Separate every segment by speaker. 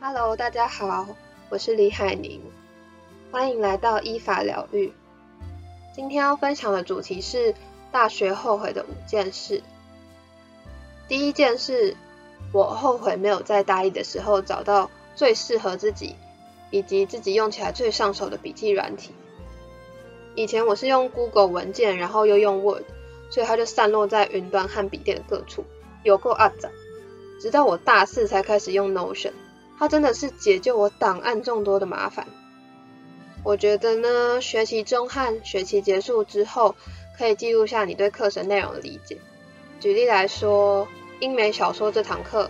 Speaker 1: Hello，大家好，我是李海寧，歡迎來到依法療癒。今天要分享的主題是大學後悔的五件事。第一件事，我後悔沒有在大一的時候找到最適合自己以及自己用起來最上手的筆記軟體。以前我是用 Google 文件，然後又用 Word，所以它就散落在雲端和筆電的各處，有夠阿雜。直到我大四才開始用 Notion，它真的是解救我檔案眾多的麻煩。我覺得呢，學習中和學習結束之後，可以記錄下你對課程內容的理解。舉例來說，英美小說這堂課，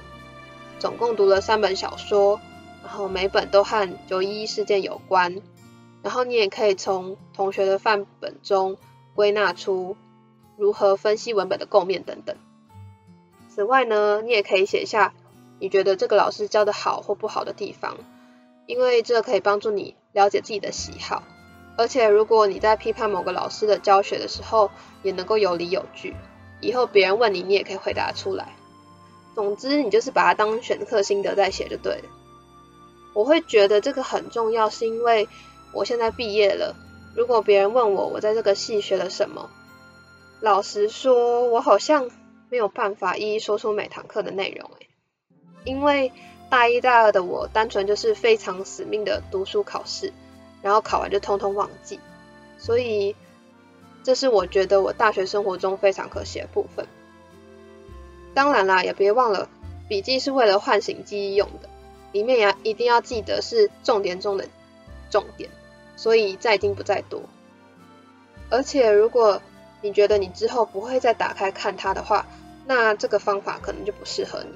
Speaker 1: 總共讀了三本小說，然後每本都和九一一事件有關。然後你也可以從同學的範本中歸納出如何分析文本的構面等等。此外呢，你也可以寫下你覺得這個老師教得好或不好的地方，因為這可以幫助你了解自己的喜好。而且如果你在批判某個老師的教學的時候，也能夠有理有據，以後別人問你，你也可以回答出來。總之，你就是把它當選課心得在寫就對了。我會覺得這個很重要，是因為。我現在畢業了，如果別人問我我在這個系學了什麼，老實說，我好像沒有辦法一一說出每堂課的內容欸，因為大一、大二的我單純就是非常死命的讀書、考試，然後考完就通通忘記，所以這是我覺得我大學生活中非常可惜的部分。當然啦，也別忘了筆記是為了喚醒記憶用的，裡面也一定要記得是重點中的重點。所以在精不在多，而且如果你覺得你之後不會再打開看它的話，那這個方法可能就不適合你。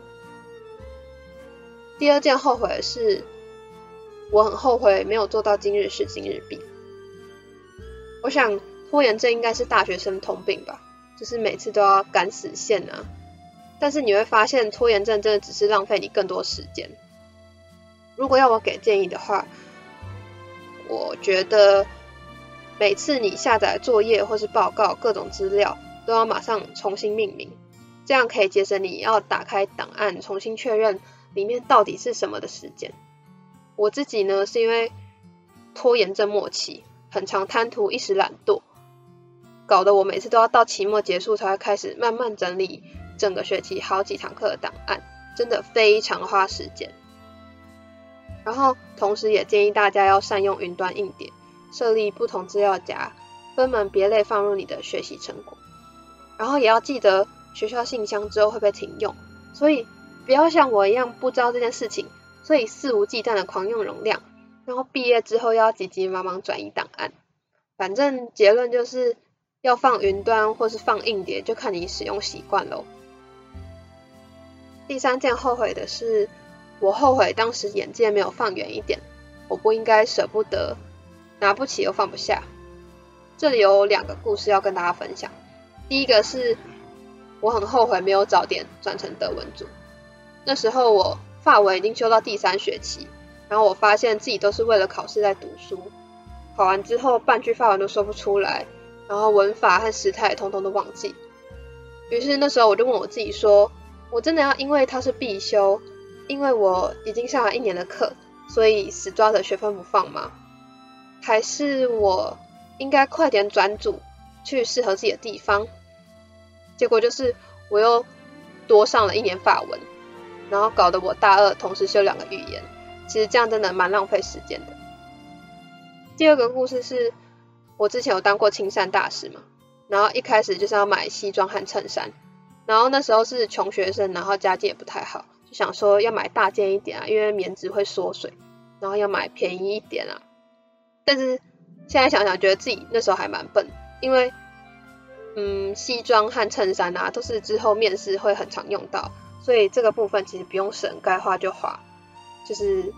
Speaker 1: 第二件後悔的是，我很後悔沒有做到今日事今日畢。我想拖延症應該是大學生通病吧，就是每次都要趕死線啊。但是你會發現拖延症真的只是浪費你更多時間。如果要我給建議的話，我覺得每次你下載作業或是報告、各種資料，都要馬上重新命名，這樣可以節省你要打開檔案重新確認裡面到底是什麼的時間。我自己呢是因為拖延症末期，很常貪圖一時懶惰，搞得我每次都要到期末結束才會開始慢慢整理整個學期好幾堂課的檔案，真的非常花時間。然後，同時也建議大家要善用雲端硬碟，設立不同資料夾，分門別類放入你的學習成果。然後也要記得，學校信箱之後會不會停用？所以不要像我一樣不知道這件事情，所以肆無忌憚的狂用容量。然後畢業之後要急急忙忙轉移檔案。反正結論就是要放雲端或是放硬碟，就看你使用習慣咯。第三件後悔的是。我後悔當時眼界沒有放遠一點，我不應該捨不得，拿不起又放不下。這裡有兩個故事要跟大家分享。第一個是，我很後悔沒有早點轉成德文組。那時候我法文已經修到第三學期，然後我發現自己都是為了考試在讀書，考完之後半句法文都說不出來，然後文法和時態通通都忘記。於是那時候我就問我自己說，我真的要因為它是必修，因為我已經上了一年的課，所以死抓着學分不放嗎？還是我應該快點轉組去適合自己的地方？結果就是我又多上了一年法文，然後搞得我大二同時修兩個語言，其實這樣真的蠻浪費時間的。第二個故事是我之前有當過親善大使嘛，然後一開始就是要買西裝和襯衫，然後那時候是窮學生，然後家境也不太好。想說要買大件一點啊，因為棉質會縮水，然後要買便宜一點啊。但是現在想想，覺得自己那時候還蠻笨，因為嗯，西裝和襯衫啊，都是之後面試會很常用到，所以這個部分其實不用省，該花就花。就是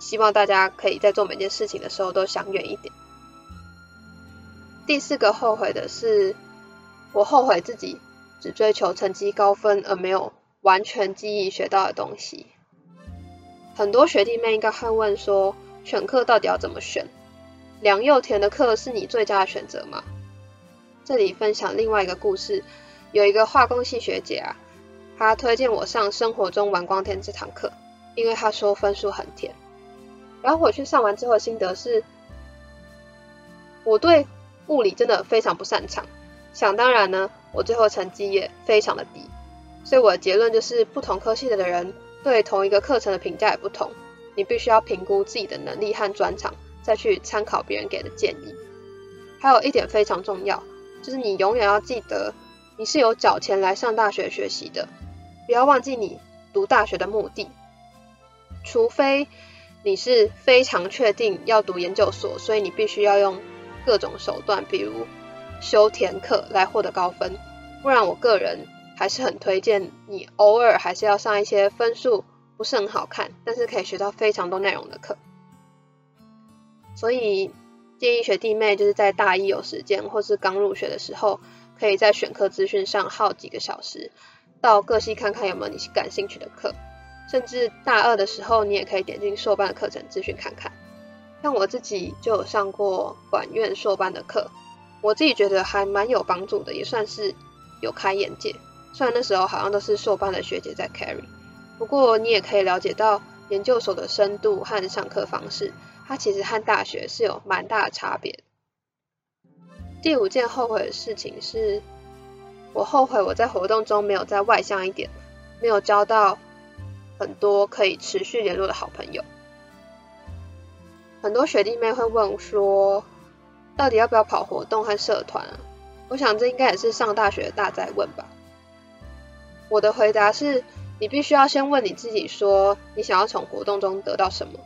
Speaker 1: 希望大家可以在做每件事情的時候都想遠一點。第四個後悔的是，我後悔自己只追求成績高分，而沒有。完全記憶學到的東西，很多學弟妹應該會問說，選課到底要怎麼選？涼又甜的課是你最佳的選擇嗎？這裡分享另外一個故事，有一個化工系學姐啊，她推薦我上生活中玩光天這堂課，因為她說分數很甜。然後我去上完之後的心得是，我對物理真的非常不擅長，想當然呢，我最後成績也非常的低。所以我的結論就是，不同科系的人對同一個課程的評價也不同。你必須要評估自己的能力和專長，再去參考別人給的建議。還有一點非常重要，就是你永遠要記得，你是有繳錢來上大學學習的，不要忘記你讀大學的目的。除非你是非常確定要讀研究所，所以你必須要用各種手段，比如修甜課來獲得高分，不然我個人。還是很推薦你偶爾還是要上一些分數不是很好看，但是可以學到非常多內容的課。所以建議學弟妹就是在大一有時間，或是剛入學的時候，可以在選課資訊上耗幾個小時，到各系看看有沒有你感興趣的課。甚至大二的時候，你也可以點進碩班的課程資訊看看。像我自己就有上過管院碩班的課，我自己覺得還蠻有幫助的，也算是有開眼界。雖然那時候好像都是碩班的學姐在 carry，不過你也可以了解到研究所的深度和上課方式，它其實和大學是有蠻大的差別的。第五件後悔的事情是，我後悔我在活動中沒有再外向一點，沒有交到很多可以持續聯絡的好朋友。很多學弟妹會問說，到底要不要跑活動和社團啊？我想這應該也是上大學的大哉問吧。我的回答是，你必須要先問你自己說，說你想要從活動中得到什麼。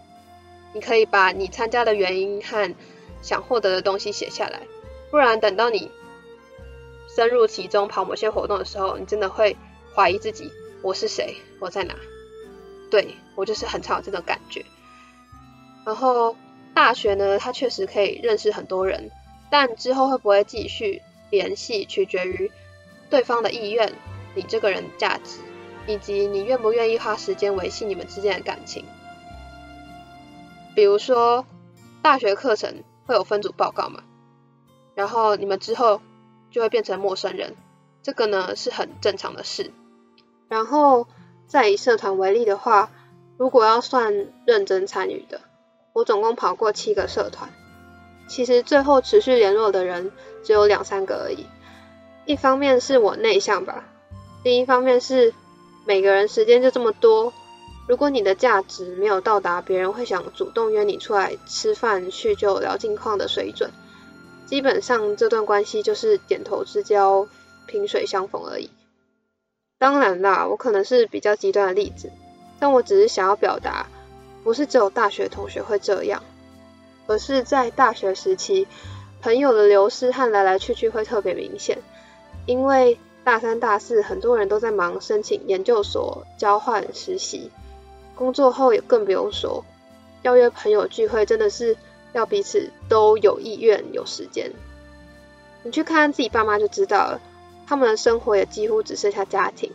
Speaker 1: 你可以把你參加的原因和想獲得的東西寫下來，不然等到你深入其中跑某些活動的時候，你真的會懷疑自己，我是誰，我在哪？對，我就是很常有這種感覺。然後大學呢，它確實可以認識很多人，但之後會不會繼續聯繫，取決於對方的意願。你這個人價值，以及你願不願意花時間維繫你們之間的感情。比如說，大學課程會有分組報告嘛，然後你們之後就會變成陌生人，這個呢是很正常的事。然後再以社團為例的話，如果要算認真參與的，我總共跑過七個社團，其實最後持續聯絡的人只有兩三個而已。一方面是我內向吧。另一方面是每個人時間就這麼多，如果你的價值沒有到達，別人會想主動約你出來吃飯、敘舊、聊近況的水準，基本上這段關係就是點頭之交、萍水相逢而已。當然啦，我可能是比較極端的例子，但我只是想要表達，不是只有大學同學會這樣，而是在大學時期，朋友的流失和來來去去會特別明顯，因為。大三、大四，很多人都在忙申請研究所、交換、實習。工作後也更不用說，要約朋友聚會，真的是要彼此都有意願、有時間。你去看看自己爸媽就知道了，他們的生活也幾乎只剩下家庭。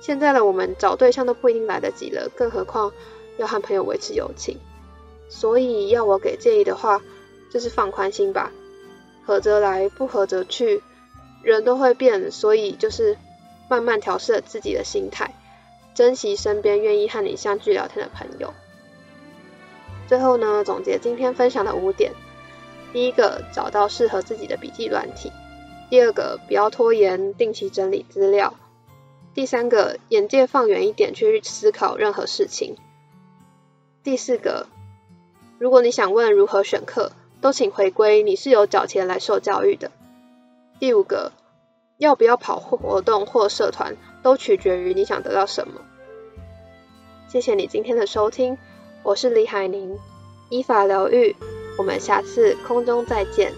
Speaker 1: 現在的我們找對象都不一定來得及了，更何況要和朋友維持友情。所以要我給建議的話，就是放寬心吧，合則來，不合則去。人都會變，所以就是慢慢調適自己的心態，珍惜身邊願意和你相聚聊天的朋友。最後呢，總結今天分享的五點：第一個，找到適合自己的筆記軟體；第二個，不要拖延，定期整理資料；第三個，眼界放遠一點，去思考任何事情；第四個，如果你想問如何選課，都請回歸你是有繳錢來受教育的。第五個，要不要跑活動或社團，都取決於你想得到什麼。謝謝你今天的收聽，我是李海寧，依法療癒，我們下次空中再見。